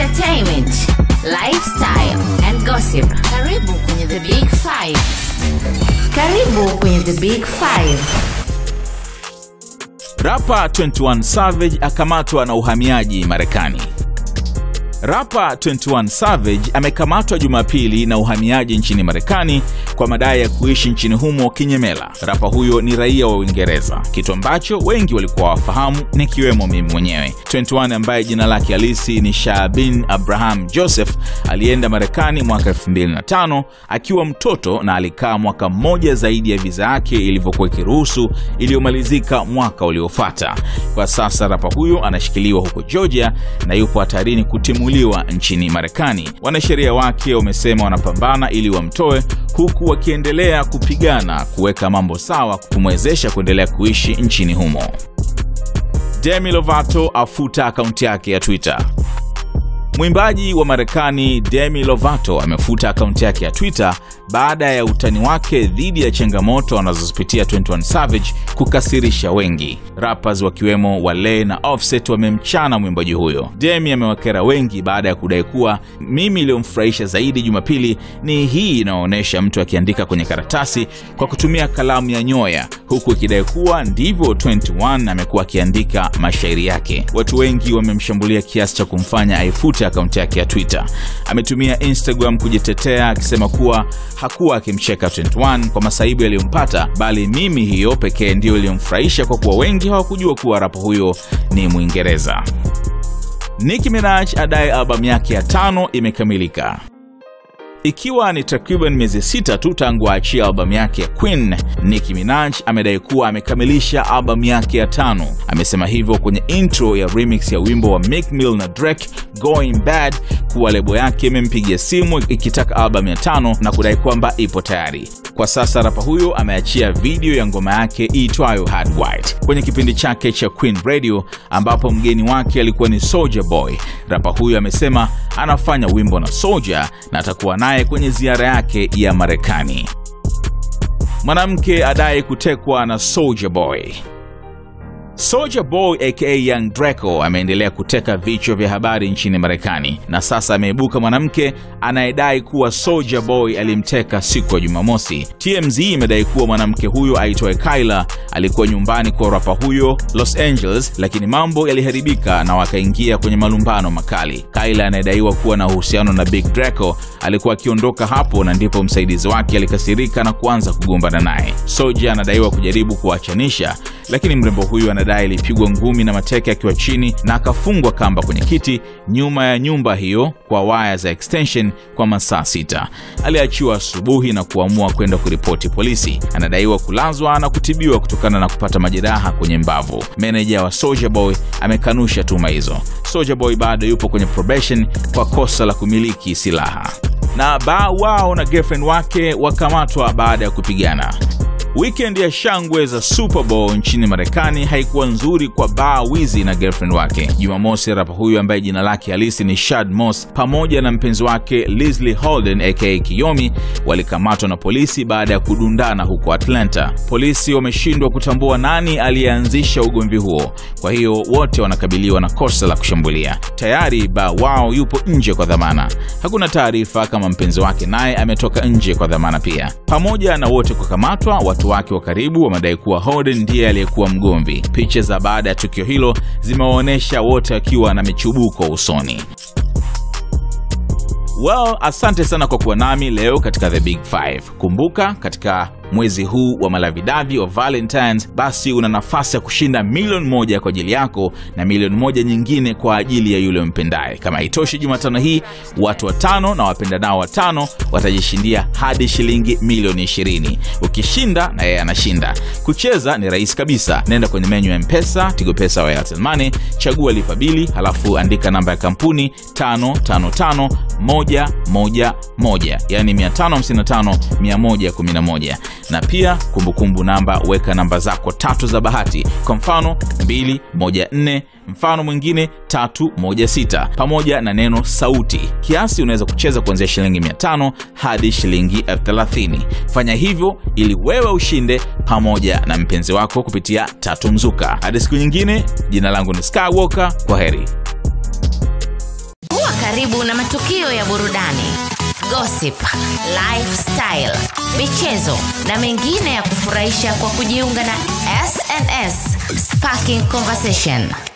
entertainment, lifestyle and gossip. Karibu kwenye The Big Five. Karibu kwenye The Big Five. Rapa 21 Savage akamatwa na uhamiaji Marekani. Rapa 21 Savage amekamatwa Jumapili na uhamiaji nchini Marekani kwa madai ya kuishi nchini humo kinyemela. Rapa huyo ni raia wa Uingereza, kitu ambacho wengi walikuwa wafahamu, nikiwemo mimi mwenyewe. 21 ambaye jina lake halisi ni Shaabin Abraham Joseph alienda Marekani mwaka 2005 akiwa mtoto na alikaa mwaka mmoja zaidi ya viza yake ilivyokuwa ikiruhusu iliyomalizika mwaka uliofuata. Kwa sasa rapa huyo anashikiliwa huko Georgia na yupo hatarini kutimuliwa kuzuiliwa nchini Marekani. Wanasheria wake wamesema wanapambana ili wamtoe, huku wakiendelea kupigana kuweka mambo sawa kumwezesha kuendelea kuishi nchini humo. Demi Lovato afuta akaunti yake ya Twitter. Mwimbaji wa Marekani Demi Lovato amefuta akaunti yake ya Twitter baada ya utani wake dhidi ya changamoto anazozipitia 21 Savage kukasirisha wengi. Rappers wakiwemo Wale na Offset wamemchana mwimbaji huyo. Demi amewakera wengi baada ya kudai kuwa mimi iliyomfurahisha zaidi Jumapili ni hii inaonyesha mtu akiandika kwenye karatasi kwa kutumia kalamu ya nyoya, huku ikidai kuwa ndivyo 21 amekuwa akiandika mashairi yake. Watu wengi wamemshambulia kiasi cha kumfanya aifute akaunti yake ya Twitter. Ametumia Instagram kujitetea akisema kuwa hakuwa akimcheka 21 kwa masaibu yaliyompata, bali mimi hiyo pekee ndiyo iliyomfurahisha kwa kuwa wengi hawakujua kuwa rapa huyo ni Mwingereza. Nicki Minaj adai albamu yake ya tano imekamilika. Ikiwa ni takriban miezi sita tu tangu aachie albamu yake ya Queen, Nicki Minaj amedai kuwa amekamilisha albamu yake ya tano. Amesema hivyo kwenye intro ya remix ya wimbo wa Meek Mill na Drake Going Bad, kuwa lebo yake imempigia simu ikitaka albamu ya tano na kudai kwamba ipo tayari. Kwa sasa rapa huyo ameachia video ya ngoma yake iitwayo Hard White kwenye kipindi chake cha Queen Radio ambapo mgeni wake alikuwa ni Soulja Boy. Rapa huyo amesema anafanya wimbo na Soulja na atakuwa naye kwenye ziara yake ya Marekani. Mwanamke adai kutekwa na Soulja Boy soja Boy aka Young Draco ameendelea kuteka vichwa vya habari nchini Marekani na sasa ameibuka mwanamke anayedai kuwa soja Boy alimteka siku ya Jumamosi. TMZ imedai kuwa mwanamke huyo aitwaye Kyla alikuwa nyumbani kwa rapa huyo Los Angeles, lakini mambo yaliharibika na wakaingia kwenye malumbano makali. Kyla anayedaiwa kuwa na uhusiano na Big Draco alikuwa akiondoka hapo, na ndipo msaidizi wake alikasirika na kuanza kugombana naye. Soja anadaiwa kujaribu kuwachanisha, lakini mrembo huyo anadai Mera ilipigwa ngumi na mateke akiwa chini na akafungwa kamba kwenye kiti nyuma ya nyumba hiyo kwa waya za extension kwa masaa sita. Aliachiwa asubuhi na kuamua kwenda kuripoti polisi. Anadaiwa kulazwa na kutibiwa kutokana na kupata majeraha kwenye mbavu. Meneja wa soja Boy amekanusha tuma hizo. soja Boy bado yupo kwenye probation kwa kosa la kumiliki silaha na ba wao na gefen wake wakamatwa baada ya kupigana. Weekend ya shangwe za Super Bowl nchini Marekani haikuwa nzuri kwa ba Wizi na girlfriend wake. Jumamosi, rapa huyu ambaye jina lake halisi ni Shad Moss pamoja na mpenzi wake Lizzy Holden aka Kiyomi walikamatwa na polisi baada ya kudundana huko Atlanta. Polisi wameshindwa kutambua nani aliyeanzisha ugomvi huo, kwa hiyo wote wanakabiliwa na kosa la kushambulia. Tayari ba wao yupo nje kwa dhamana. Hakuna taarifa kama mpenzi wake naye ametoka nje kwa dhamana pia. Pamoja na wote kukamatwa, watu watu wake wa karibu wamedai kuwa Holden ndiye aliyekuwa mgomvi. Picha za baada ya tukio hilo zimewaonyesha wote wakiwa na michubuko usoni. Well, asante sana kwa kuwa nami leo katika The Big Five. Kumbuka katika mwezi huu wa malavidavi wa Valentines, basi una nafasi ya kushinda milioni moja kwa ajili yako na milioni moja nyingine kwa ajili ya yule mpendaye. Kama haitoshi, Jumatano hii watu watano na wapendanao watano watajishindia hadi shilingi milioni 20. Ukishinda na yeye anashinda. Kucheza ni rahisi kabisa, nenda kwenye menyu ya Mpesa, Tigo Pesa wa Airtel Money, chagua lipa bili, halafu andika namba ya kampuni 555 yani 555 na pia kumbukumbu kumbu namba weka namba zako tatu za bahati kwa mfano 214 mfano mwingine 316 pamoja na neno sauti kiasi unaweza kucheza kuanzia shilingi 500 hadi shilingi 30 fanya hivyo ili wewe ushinde pamoja na mpenzi wako kupitia tatu mzuka hadi siku nyingine jina langu ni skywalker kwa heri huwa karibu na matukio ya burudani gossip, lifestyle, michezo na mengine ya kufurahisha kwa kujiunga na SNS Sparking Conversation.